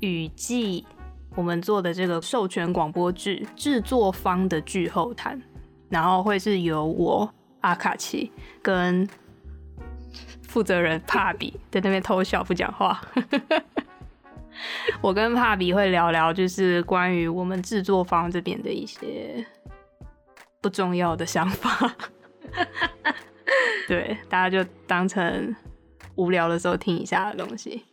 雨季，我們做的這個授權廣播劇制作方的劇後談，然後會是由我阿卡奇跟負責人帕比，在那邊偷笑不講話。 我跟帕比會聊聊，就是關於我們制作方這邊的一些不重要的想法。 對，大家就當成無聊的時候聽一下的東西。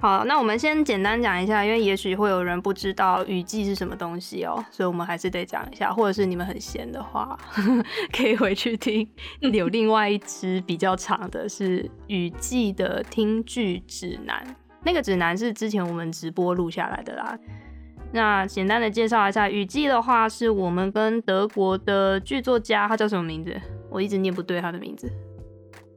好，那我們先簡單講一下，因為也許會有人不知道《雨季》是什麼東西哦，所以我們還是得講一下。或者是你們很閒的話， 可以回去聽。有另外一支比較長的是《雨季》的聽劇指南，那個指南是之前我們直播錄下來的啦。那簡單的介紹一下，《雨季》的話是我們跟德國的劇作家，他叫什麼名字？我一直念不對他的名字，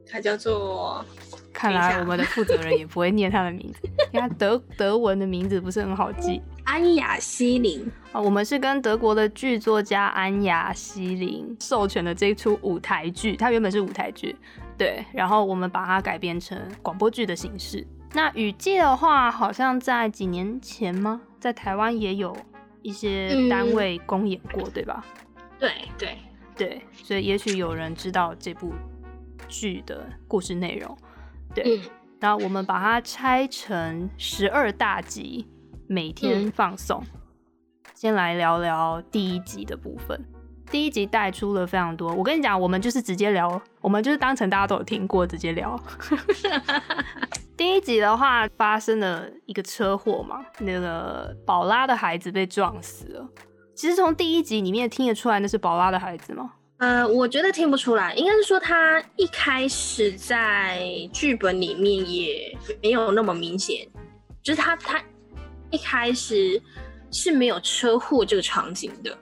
他叫做。看來我們的負責人也不會念他的名字，一 因為他德德文的名字不是很好記。安雅西林啊，我們是跟德國的劇作家安雅西林授權的這一出舞台劇，它原本是舞台劇，對，然後我們把它改編成廣播劇的形式。那雨季的話，好像在幾年前嗎？在台灣也有一些單位公演過，嗯、對吧？對對。對對，所以也許有人知道這部劇的故事內容。對，那我們把它拆成十二大集，每天放送。嗯、先來聊聊第一集的部分。第一集帶出了非常多，我跟你講，我們就是直接聊，我們就是當成大家都有聽過，直接聊。 第一集的話，發生了一個車禍嘛，那個寶拉的孩子被撞死了。其實從第一集裡面聽得出來，那是寶拉的孩子嗎？呃，我覺得聽不出來，應該是說他一開始在劇本裡面也沒有那麼明顯，就是他他一開始是沒有車禍這個場景的。哦、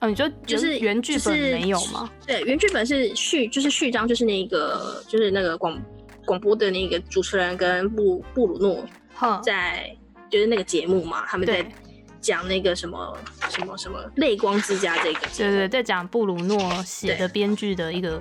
啊，你就，就是原劇本沒有嗎？就是、對，原劇本是序，就是序章就是那個，就是那個就是那個廣廣播的那個主持人跟布布魯諾在、嗯、就是那個節目嘛，他們在。講那個什麼什麼什麼淚光之家這個，對對，在講布魯諾寫的編劇的一個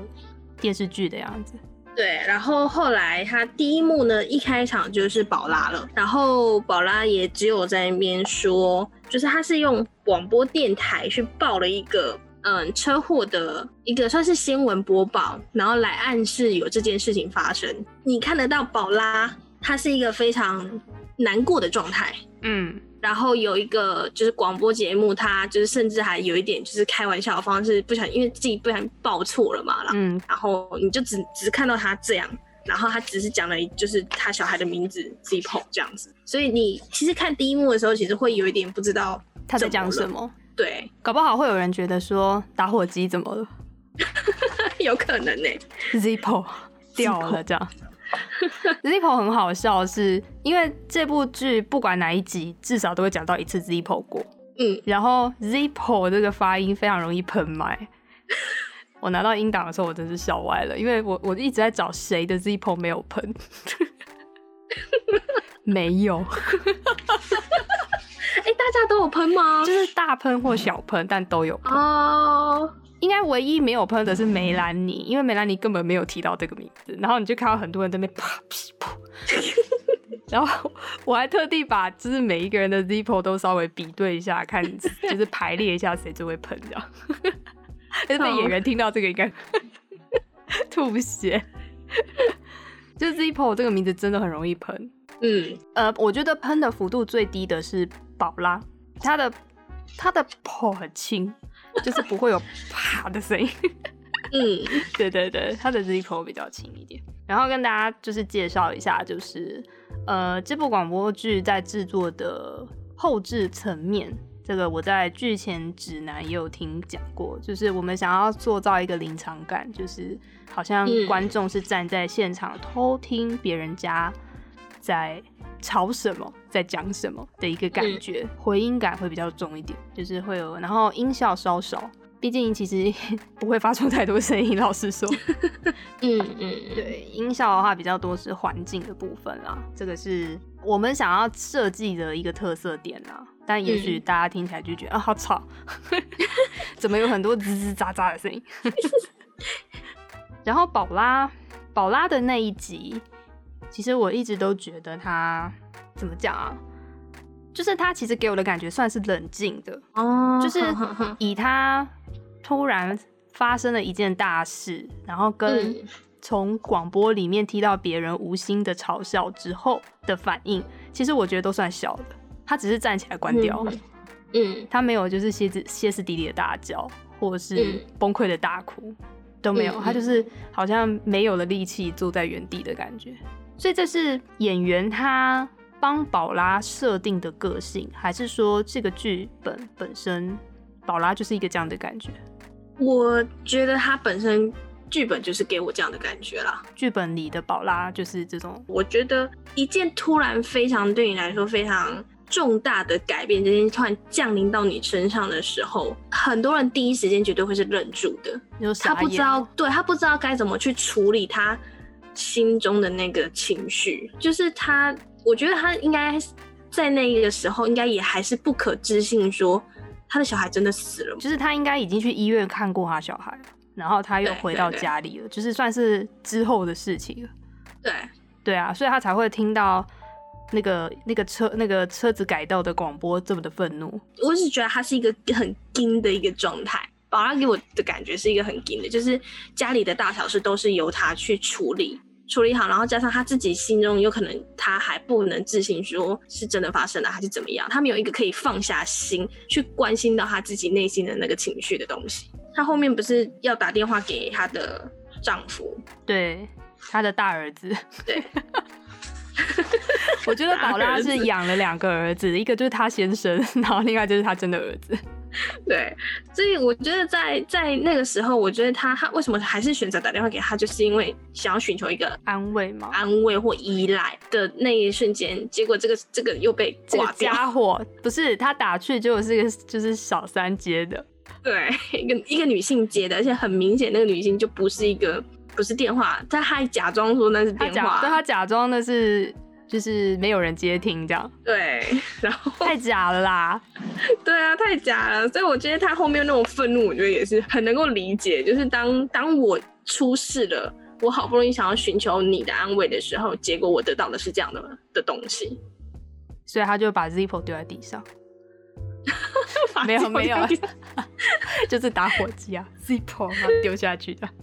電視劇的樣子。對，然後後來他第一幕呢，一開場就是寶拉了，然後寶拉也只有在那邊說，就是他是用廣播電台去報了一個嗯車禍的一個算是新聞播報，然後來暗示有這件事情發生。你看得到寶拉，他是一個非常難過的狀態，嗯。然後有一個就是廣播節目，他就是甚至還有一點就是開玩笑的方式，不想因為自己不想報錯了嘛啦，嗯、然後你就只只是看到他這樣，然後他只是講了就是他小孩的名字 Zippo 這樣子，所以你其實看第一幕的時候，其實會有一點不知道他在講什麼，對，搞不好會有人覺得說打火機怎麼了， 有可能呢、欸、Zippo 掉了這樣。 Zippo 很好笑是，是因為這部劇不管哪一集，至少都會講到一次 Zippo 過。嗯，然後 Zippo 這個發音非常容易噴麥。 我拿到音檔的時候，我真是笑歪了，因為我我一直在找誰的 Zippo 沒有噴， 沒有。哎、 欸，大家都有噴嗎？就是大噴或小噴，但都有噴。哦、 oh。應該唯一沒有噴的是梅蘭妮，因為梅蘭妮根本沒有提到這個名字。然後你就看到很多人在那啪噼啪、噗噗， 然後我還特地把就是每一個人的 Zippo 都稍微比對一下，看就是排列一下誰最會噴，這樣。但是被演員聽到這個應該 吐血， 就 Zippo 這個名字真的很容易噴。嗯，呃，我覺得噴的幅度最低的是寶拉，她的她的泡很輕。 就是不會有啪的聲音， 嗯， 對對對，他的 Zippo 比較輕一點。然後跟大家就是介紹一下，就是呃這部廣播劇在製作的後製層面，這個我在劇前指南也有聽講過，就是我們想要塑造一個臨場感，就是好像觀眾是站在現場偷聽別人家在吵什麼，在講什麼的一個感覺，嗯、回音感會比較重一點，就是會有，然後音效稍少，畢竟其實不會發出太多聲音。老實說，嗯嗯，對，音效的話比較多是環境的部分啊。這個是我們想要設計的一個特色點啊。但也許大家聽起來就覺得、嗯、啊，好吵， 怎麼有很多吱吱喳喳喳的聲音？ 然後寶拉，寶拉的那一集。其實我一直都覺得他怎麼講啊？就是他其實給我的感覺算是冷靜的，哦，就是以他突然發生了一件大事，然後跟從廣播裡面聽到別人無心的嘲笑之後的反應，其實我覺得都算小的。他只是站起來關掉，嗯，嗯，他沒有就是歇斯底里的大叫，或是崩潰的大哭。都沒有，嗯，他就是好像沒有了力氣坐在原地的感覺。所以這是演員他幫寶拉設定的個性，還是說這個劇本本身，寶拉就是一個這樣的感覺？我覺得他本身劇本就是給我這樣的感覺啦。劇本裡的寶拉就是這種，我覺得一件突然非常對你來說非常。重大的改變，這件事突然降臨到你身上的時候，很多人第一時間絕對會是愣住的。他不知道，對，他不知道該怎麼去處理他心中的那個情緒。就是他，我覺得他應該在那個時候，應該也還是不可置信，說他的小孩真的死了。就是他應該已經去醫院看過他小孩，然後他又回到家裡了，對對對，就是算是之後的事情了。對，對啊，所以他才會聽到。那個那個車那個車子改道的廣播這麼的憤怒，我是覺得他是一個很緊的一個狀態。寶拉給我的感覺是一個很緊的，就是家裡的大小事都是由他去處理，處理好，然後加上他自己心中有可能他還不能置信說是真的發生了還是怎麼樣，他沒有一個可以放下心去關心到他自己內心的那個情緒的東西。他後面不是要打電話給他的丈夫，對，他的大兒子，對。 我覺得寶拉是養了兩個兒子，兒子一個就是他先生，然後另外就是他真的兒子。對，所以我覺得在在那個時候，我覺得他他為什麼還是選擇打電話給他，就是因為想要尋求一個安慰嗎？安慰或依賴的那一瞬間，結果這個這個又被這個家伙不是他打去，結果是一個就是小三接的，對，一個一個女性接的，而且很明顯那個女性就不是一個不是電話，他還假裝說那是電話，他假裝的是。就是沒有人接聽，這樣，對，然後 太假了啦，對啊，太假了，所以我覺得他後面那種憤怒，我覺得也是很能夠理解。就是當當我出事了，我好不容易想要尋求你的安慰的時候，結果我得到的是這樣的的東西，所以他就把 Zippo 丟在地上， 地上沒有沒有 就是打火機啊 ，Zippo 丟下去的、啊。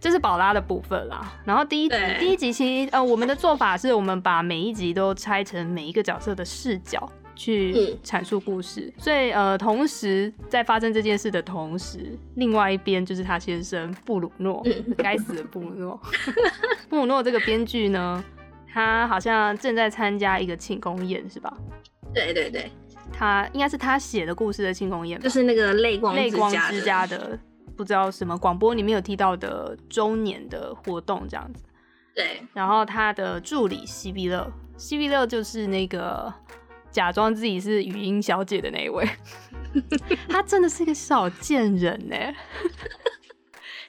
這是寶拉的部分啦，然後第一集對第一集其實呃，我們的做法是我們把每一集都拆成每一個角色的視角去闡述故事，嗯、所以呃，同時在發生這件事的同時，另外一邊就是他先生布魯諾，該、嗯、死的布魯諾， 布魯諾這個編劇呢，他好像正在參加一個慶功宴是吧？對對對，他應該是他寫的故事的慶功宴，就是那個淚光淚光之家的。不知道什麼廣播裡面有提到的週年的活動這樣子，對。然後他的助理西碧樂，西碧樂就是那個假裝自己是語音小姐的那一位， 他真的是一個小賤人呢、欸。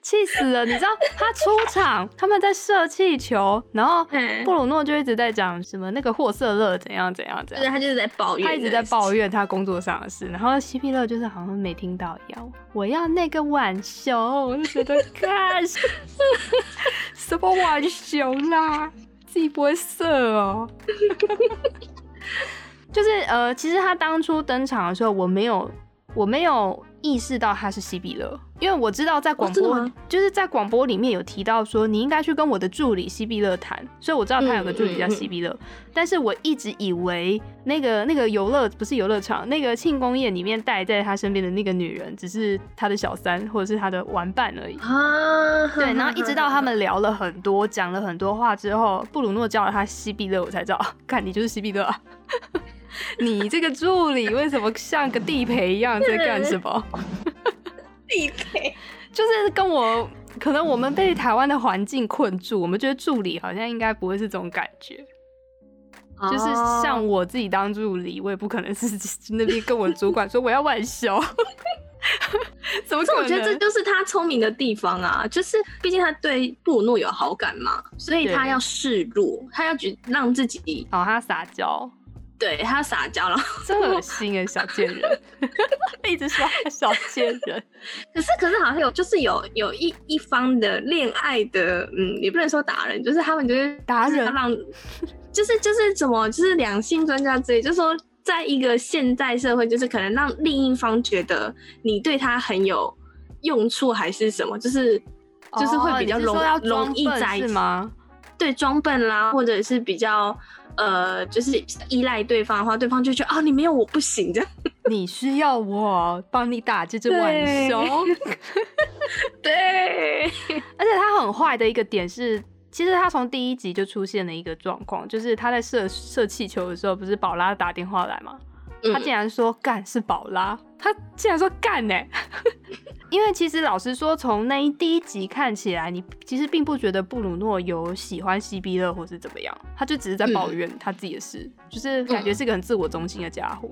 氣死了！你知道他出場， 他們在射氣球，然後、嗯、布魯諾就一直在講什麼那個霍瑟勒怎樣怎樣怎樣，就是他就是在抱怨，他一直在抱怨他工作上的事， 然後西皮勒就是好像沒聽到一樣。我要那個碗。熊，我就覺得， 什麼玩熊啦，自己不會射哦、喔。 就是呃，其實他當初登場的時候，我沒有，我沒有。意識到他是西碧樂，因為我知道在廣播，哦、是就是在廣播裡面有提到說你應該去跟我的助理西碧樂談，所以我知道他有個助理叫西碧樂。嗯嗯嗯、但是我一直以為那個那個遊樂不是遊樂場，那個慶功宴裡面帶在他身邊的那個女人只是他的小三或者是他的玩伴而已。呵呵呵對，然後一直到他們聊了很多，講了很多話之後，布魯諾叫了他西碧樂，我才知道，看你就是西碧樂，啊。 你這個助理為什麼像個地陪一樣在幹什麼？嗯、地陪 就是跟我，可能我們被台灣的環境困住，嗯、我們覺得助理好像應該不會是這種感覺。哦、就是像我自己當助理，我也不可能自己那邊跟我主管說我要外銷。怎 麼可能？我覺得這就是他聰明的地方啊！就是畢竟他對布魯諾有好感嘛，所以他要示弱，對他要覺讓自己哦，他要撒嬌。對他撒嬌了，然後真噁心耶 小賤人， 一直說他小賤人。 可是可是好像有，就是有有一一方的戀愛的，嗯，也不能說打人，就是他們就是打人是讓，就是就是怎麼，就是兩性專家之類，就是、說在一個現代社會，就是可能讓另一方覺得你對他很有用處，還是什麼，就是、哦、就是會比較容容易在嗎？對，裝笨啦，或者是比較。呃，就是依賴對方的話，對方就覺得啊、哦，你沒有我不行的，這樣你需要我幫你打，這隻浣熊？對， 對而且他很壞的一個點是，其實他從第一集就出現了一個狀況，就是他在射射氣球的時候，不是寶拉打電話來嗎？他竟然說幹是寶拉，他竟然說幹呢、欸？ 因為其實老實說，從那一第一集看起來，你其實並不覺得布魯諾有喜歡西碧樂或是怎麼樣，他就只是在抱怨、嗯、他自己的事，就是感覺是一個很自我中心的傢伙。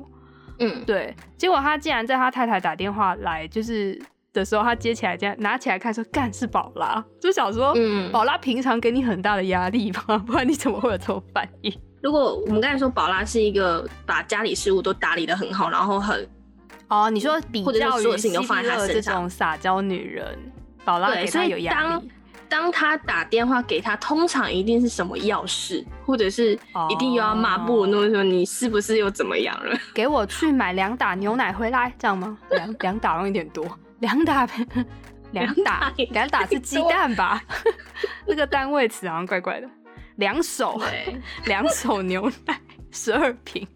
嗯，對。結果他竟然在他太太打電話來就是的時候，他接起來這樣拿起來看說幹是寶拉，就想說，嗯，寶拉平常給你很大的壓力嗎？不然你怎麼會有這種反應？如果我們剛才說寶拉是一個把家裡事務都打理得很好，然後很哦，你說比較弱性的話，都放這種撒嬌女人，寶拉給他有壓力。對，所以當當他打電話給他，通常一定是什麼要事，或者是一定又要罵布魯諾說你是不是又怎麼樣了？給我去買兩打牛奶回來，這樣嗎？兩兩 打有點多，兩打唄，兩打兩打是雞蛋吧？那 個單位詞好像怪怪的。兩手，兩對 手牛奶，十二瓶。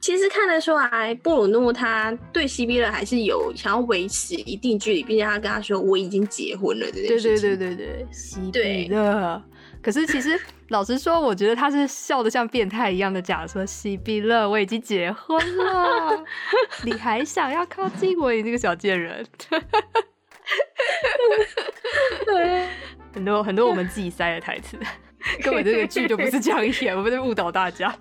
其實看得出來，布魯諾他對西碧樂還是有想要維持一定距離，並且他跟他說：“我已經結婚了。”這件事情。對對對對對，西碧樂。對可是其實，老實說，我覺得他是笑得像變態一樣的假說 西碧樂，我已經結婚了， 你還想要靠近我，你這個小賤人。很多很多我們自己塞的台詞。根本這個劇就不是這樣演，我們在誤導大家。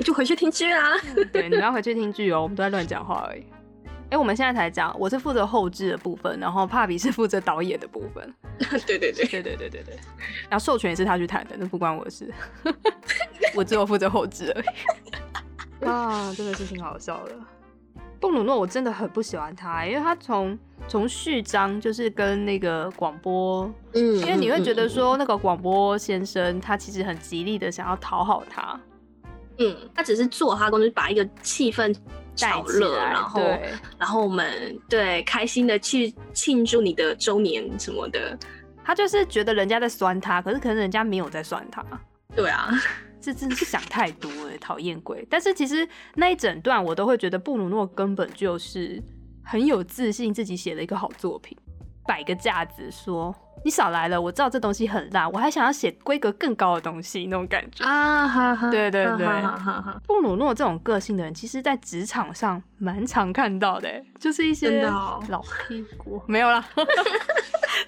就回去聽劇啊！對，你們要回去聽劇哦。我們都在亂講話而已。哎、欸，我們現在才講，我是負責後製的部分，然後帕比是負責導演的部分。 對對對對對對對，對然後授權也是他去談的，那不關我的事。 我只有負責後製而已。啊， 真的是挺好笑的。布魯諾，我真的很不喜歡他，因為他從從序章就是跟那個廣播，嗯，因為你會覺得說那個廣播先生他其實很極力的想要討好他，嗯，他只是做他工作，就是、把一個氣氛炒熱，然後對然後我們對開心的去慶祝你的周年什麼的，他就是覺得人家在酸他，可是可能人家沒有在酸他，對啊，這真的是想太多了。討厭鬼，但是其實那一整段我都會覺得布魯諾根本就是很有自信自己寫了一個好作品，擺個架子說你少來了，我知道這東西很爛，我還想要寫規格更高的東西那種感覺啊！對對對，布魯諾這種個性的人，其實在職場上蠻常看到的，就是一些老，的、哦、 老屁股 沒有啦。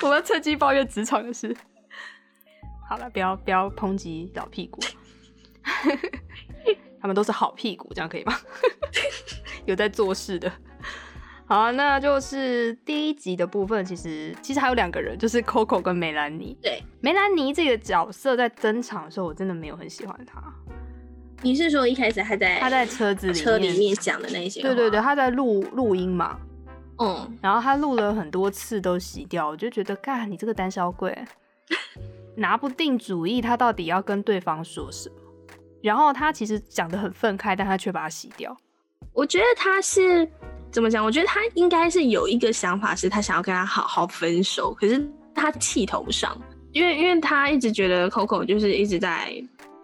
我要趁機抱怨職場的事， 好了，不要不要抨擊老屁股。 他們都是好屁股，這樣可以嗎？ 有在做事的，好啊，那就是第一集的部分。其實，其實還有兩個人，就是 Coco 跟梅蘭妮。對，梅蘭妮這個角色在登場的時候，我真的沒有很喜歡她。你是說一開始還在她在車子裡車裡面講的那些？對對對，她在錄錄音嘛。嗯，然後她錄了很多次都洗掉，我就覺得，幹，你這個膽小鬼，拿不定主意，他到底要跟對方說什麼。然後他其實講的很憤慨，但他卻把它洗掉。我覺得他是怎麼講？我覺得他應該是有一個想法，是他想要跟他好好分手。可是他氣頭上，因為因為他一直覺得 Coco 就是一直在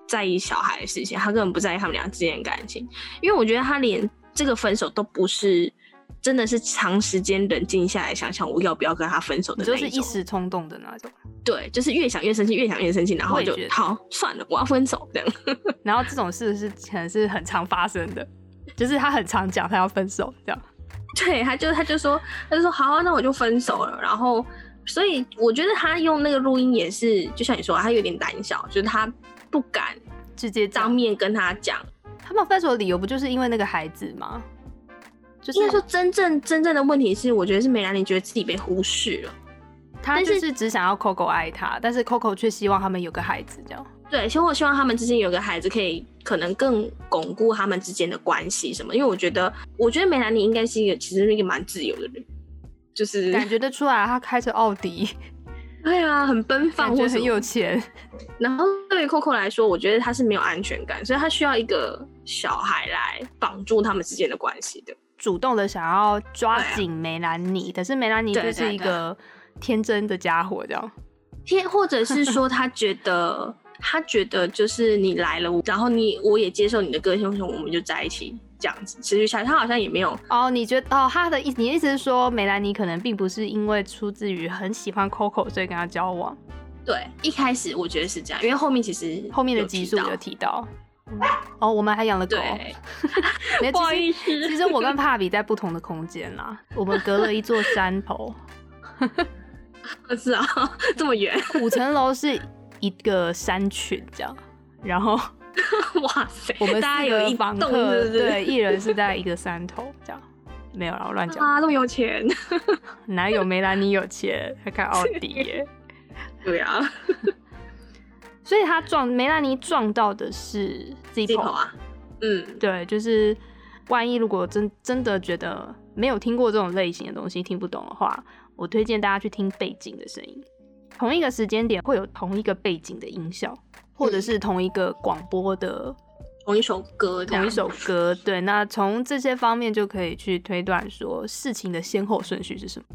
在意小孩的事情，他根本不在意他們倆之間的感情。因為我覺得他連這個分手都不是。真的是長時間冷靜下來想想，我要不要跟他分手的那種。就是一時衝動的那種。對，就是越想越生氣，越想越生氣，然後就好算了，我要分手這樣。然後這種事是可能是很常發生的，就是他很常講他要分手這樣。對，他就他就說他就說好啊，那我就分手了。然後，所以我覺得他用那個錄音也是，就像你說，他有點膽小，就是他不敢直接當面跟他講。他們分手的理由不就是因為那個孩子嗎？就是那時候真正真正的問題是，我覺得是梅蘭妮覺得自己被忽視了。他但是，她就是只想要 Coco 愛他，但是 Coco 卻希望他們有個孩子，這樣。對，其實我希望他們之間有個孩子，可以可能更鞏固他們之間的關係什麼。因為我覺得，我覺得梅蘭妮應該是一個其實是一個蠻自由的人，就是感覺得出來，他開着奧迪，對啊、哎，很奔放，或者很有錢。然後對 Coco 來說，我覺得他是沒有安全感，所以他需要一個小孩來綁住他們之間的關係的。主動的想要抓緊梅蘭妮，啊、但是梅蘭妮就是一個天真的家伙，這樣。啊啊啊、天，或者是說他覺得 他覺得就是你來了，然後你我也接受你的個性，我們就在一起這樣子持續下去。他好像也沒有哦，你覺得哦，他的意思你的意思是說梅蘭妮可能並不是因為出自於很喜歡 Coco 所以跟他交往。對，一開始我覺得是這樣，因為後面其實後面的集數有提到。哦，我們還養了狗。對 不好意思，其實我跟帕比在不同的空間啦，我們隔了一座山頭。 是啊，這麼遠。五層樓是一個山群這樣，然後哇塞，我們大家有一房對對對，一人是在一個山頭這樣，沒有然我亂講。啊，這麼有錢？ 哪有梅蘭妮有錢？還開奧迪耶？對啊。所以他撞梅蘭妮撞到的是 Zippo 啊？嗯，對，就是萬一如果真真的覺得沒有聽過這種類型的東西聽不懂的話，我推薦大家去聽背景的聲音，同一個時間點會有同一個背景的音效，或者是同一個廣播的、嗯、同一首歌，同一首歌，對，那從這些方面就可以去推斷說事情的先後順序是什麼，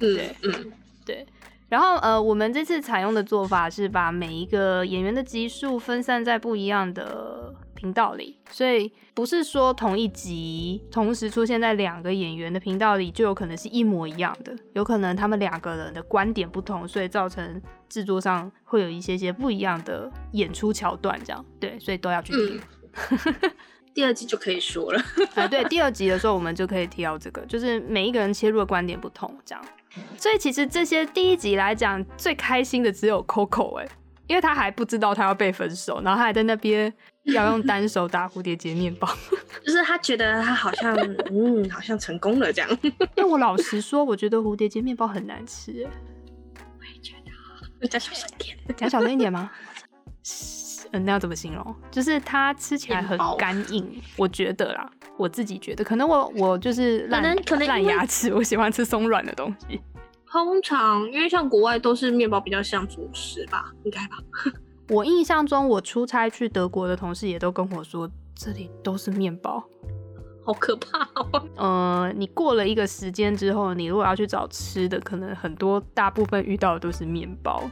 嗯嗯對。嗯對然後，呃，我們這次採用的做法是把每一個演員的集數分散在不一樣的頻道裡，所以不是說同一集同時出現在兩個演員的頻道裡就有可能是一模一樣的，有可能他們兩個人的觀點不同，所以造成製作上會有一些些不一樣的演出橋段，這樣對，所以都要去聽。嗯、 第二集 就可以說了，啊， 對，對，第二集的時候我們就可以提到這個，就是每一個人切入的觀點不同，這樣。所以其實這些第一集來講，最開心的只有 Coco 欸，因為他還不知道他要被分手，然後他還在那邊要用單手打蝴蝶結麵包，就是他覺得他好像 嗯，好像成功了這樣。因為我老實說，我覺得蝴蝶結麵包很難吃欸，我也覺得。再小聲一點，再小聲一點嗎？ 嗯，那要怎麼形容？就是它吃起來很乾硬，麵包我覺得啦。我自己覺得，可能我我就是爛，可能。可能爛牙齒，我喜歡吃鬆軟的東西。通常因為像國外都是麵包比較像主食吧，應該吧。我印象中，我出差去德國的同事也都跟我說，這裡都是麵包，好可怕哦。呃，你過了一個時間之後，你如果要去找吃的，可能很多大部分遇到的都是麵包。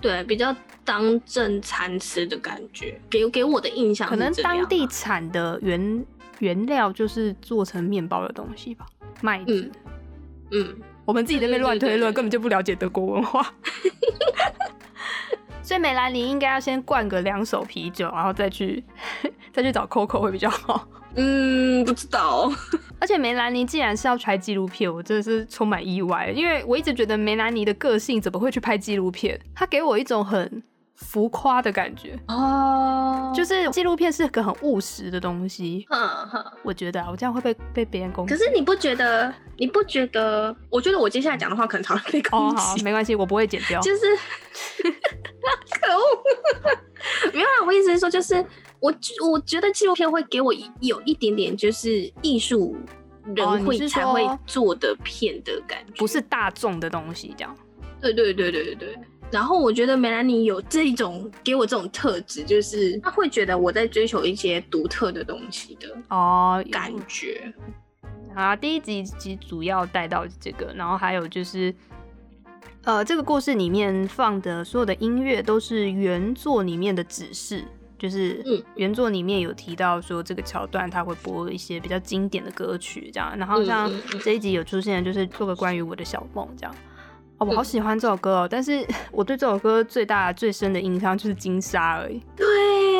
對，比較當正餐吃的感覺，給給我的印象，啊，可能當地產的原原料就是做成麵包的東西吧，麥子嗯。嗯，我們自己在那亂推論，對對對對，根本就不了解德國文化。 所以梅蘭妮應該要先灌個兩手啤酒，然後再去再去找 Coco 會比較好。嗯，不知道。 而且梅蘭妮既然是要拍紀錄片，我真的是充滿意外，因為我一直覺得梅蘭妮的個性怎麼會去拍紀錄片？她給我一種很……浮誇的感覺哦，oh, 就是紀錄片是個很務實的東西。Huh, huh. 我覺得啊，我這樣會被被別人攻擊。可是你不覺得？你不覺得？我覺得我接下來講的話可能常常被攻擊。Oh, 好啊，沒關係，我不會剪掉。就是， 可惡惡！ 沒有啊，我意思是說，就是我我覺得紀錄片會給我有一點點，就是藝術人會才會做的片的感覺，oh, 不是大眾的東西這樣。對對對對對對。然後我覺得梅蘭妮有這種給我這種特質，就是他會覺得我在追求一些獨特的東西的哦感覺。啊、哦嗯，第一集其實主要帶到這個，然後還有就是，呃，這個故事裡面放的所有的音樂都是原作裡面的指示，就是原作裡面有提到說這個橋段他會播一些比較經典的歌曲這樣，然後像這一集有出現就是做個關於我的小夢這樣。哦、我好喜歡這首歌哦，但是我對這首歌最大的、最深的印象就是《金沙》而已。對，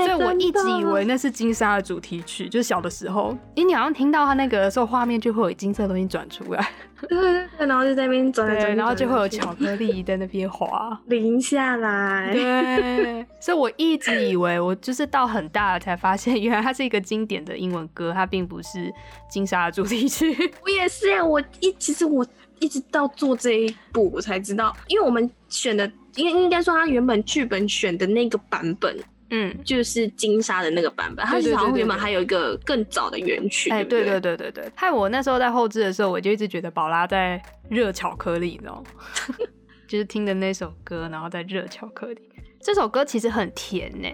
所以我一直以為那是《金沙》的主題曲，就是小的時候，咦，你好像聽到它那個時候，畫面就會有金色的東西轉出來。對對對，然後就在那邊轉轉，然後就會有巧克力在那邊滑淋下來。對，所以我一直以為我就是到很大了才發現，原來它是一個經典的英文歌，它並不是《金沙》的主題曲。我也是、啊、我一其實我。一直到做這一步，我才知道，因為我們選的，應應該說他原本劇本選的那個版本，嗯，就是金沙的那個版本。他其實好像原本還有一個更早的原曲。哎，對對對對對。害我那時候在後製的時候，我就一直覺得寶拉在熱巧克力，你知道嗎？ 就是聽的那首歌，然後在熱巧克力。這首歌其實很甜呢、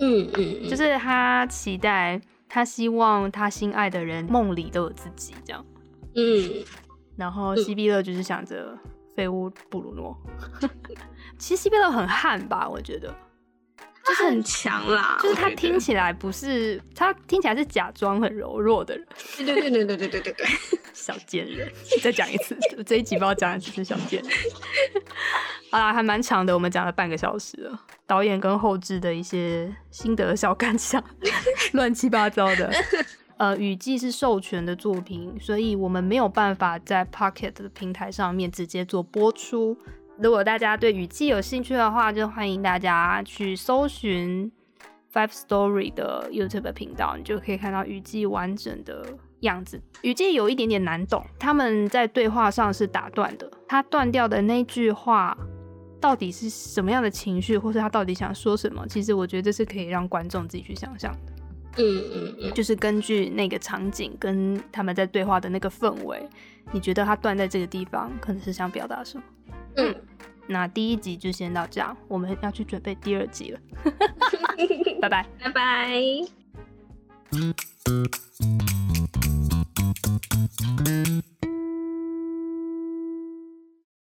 嗯。嗯嗯、啊。就是他期待，他希望他心愛的人夢裡都有自己這樣。嗯。然後西碧樂就是想着廢物布魯諾，其實西碧樂很悍吧，我覺得就是很強啦，的就是他聽起來不是，他聽起來是假裝很柔弱的人，對對對對對對對對小賤人，再講一次，這一集我要講的只是小賤人，好啦，還蠻長的，我們講了半個小時了，導演跟後製的一些心得小感想，亂七八糟的。呃，雨季是授權的作品，所以我們沒有辦法在 Pocket 的平台上面直接做播出。如果大家對雨季有興趣的話，就歡迎大家去搜尋 Five Story 的 YouTube 頻道，你就可以看到雨季完整的樣子。雨季有一點點難懂，他們在對話上是打斷的，他斷掉的那句話到底是什麼樣的情緒，或是他到底想說什麼？其實我覺得這是可以讓觀眾自己去想象的。嗯，就是根據那個場景跟他們在對話的那個氛圍，你覺得他斷在這個地方，可能是想表達什麼？嗯，嗯，那第一集就先到這樣，我們要去準備第二集了。拜 拜 bye，拜拜。